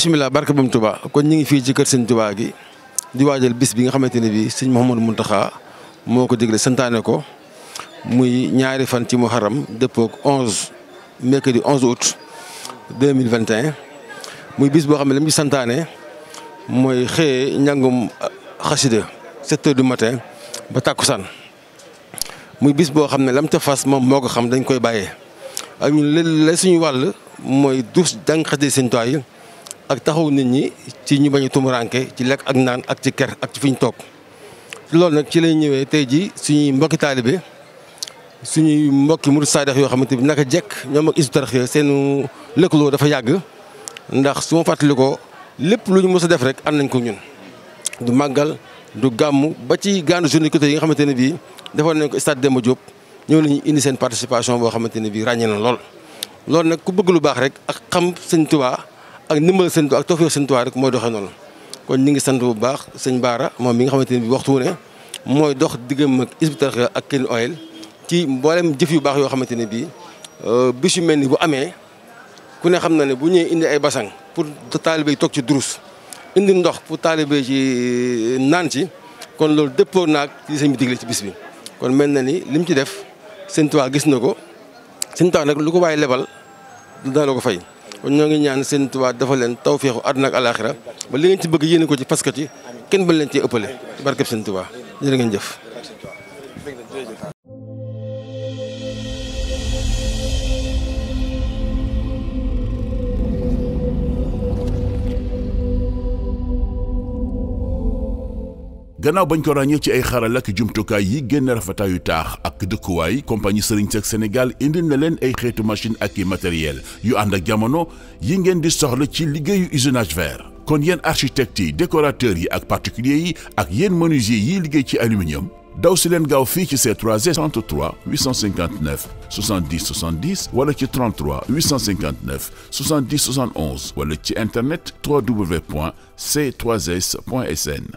bisimilah barke bam Touba kon ñu ngi fii ci kër sëñ Touba gi di waajal bis bi nga xamante ne bii sëñ Mouhamadou Mountakha moo ko digle santaane ko muy ñaari fan ci muharram dëppoog 11 mercredi 11 août 2021 muy bis boo xam ne li mu ci santaane mooy xëyee njàngum euh, xasida 7 heures du matin ba muy bis boo xam ne lam ca fas moom moo ko xam dañ koy bàyyee ak ñun suñu wàll mooy dus jàng xasida sëñ Touba yi ak taxaw nit ñi ci ñu bañ a ci lekk ak naan ak ci ker ak ci fi ñu toog loolu nag ci lañ ñëwee tey jii suñuy mbokki taalibe suñuy mbokki murid saadax yoo xamante bi naka jekk ñoom ak Hizbut Tarqiyyah seenu lëkkaloo dafa yàgg ndax su ma fàttali ko lépp lu ñu mës a def rek am nañ ko ñun du màggal du gàmm ba ci grande journée côté yi nga xamante ne bii defoon nañ ko stade Demba Diop ñëw nañu indi seen participation boo xamante ne bii ràññee na lool. loolu nag ku bëgg lu baax rek ak xam sëñ ak ndimbal sëñ Tuubaa ak tawfeex sëñ Tuubaa rek mooy doxee noonu kon ñu ngi sant bu baax sëñ Baara moom mi nga xamante ne bi waxtu ne mooy dox diggam ak ak King Oil ci mboolem jëf yu baax yoo xamante ne bii euh, bis yu mel ni bu amee ku ne xam na ne bu ñëwee indi ay basang pour taalibe yi toog ci durus indi ndox pour taalibe ci euh, naan ci kon loolu dëppoo naag ci sëñ ci bis kon mel na ni lim ci def sëñ Tuubaa gis na ko sëñ Tuubaa nag lu ko waaye lebal dina ko fay kon ñoo ngi ñaan seen Tuubaa dafa leen tawféexu àdduna ak alaaxira ba li ngeen ci bëgg yéene ko ci faskat yi kenn bañ leen cee ëppale barkeb seen Tuubaa jërë ngeen jëf gannaaw bañ ko ràññee ci ay xaral ak jumtukaay yi génn rafetaayu taax ak dëkkuwaay compagnie Serigne Seck Sénégal indil na leen ay xeetu machine ak i matériel yu ànd ak jamono yi ngeen di soxla ci liggéeyu usinage vert. kon yenn architecte yi décorateur yi ak particulier yi ak yenn menuisier yi liggéey ci aluminium daw si leen gaaw fii ci ces 3 33 859 70 70 wala ci 33 859 70 71 wala ci internet www.c3s.sn.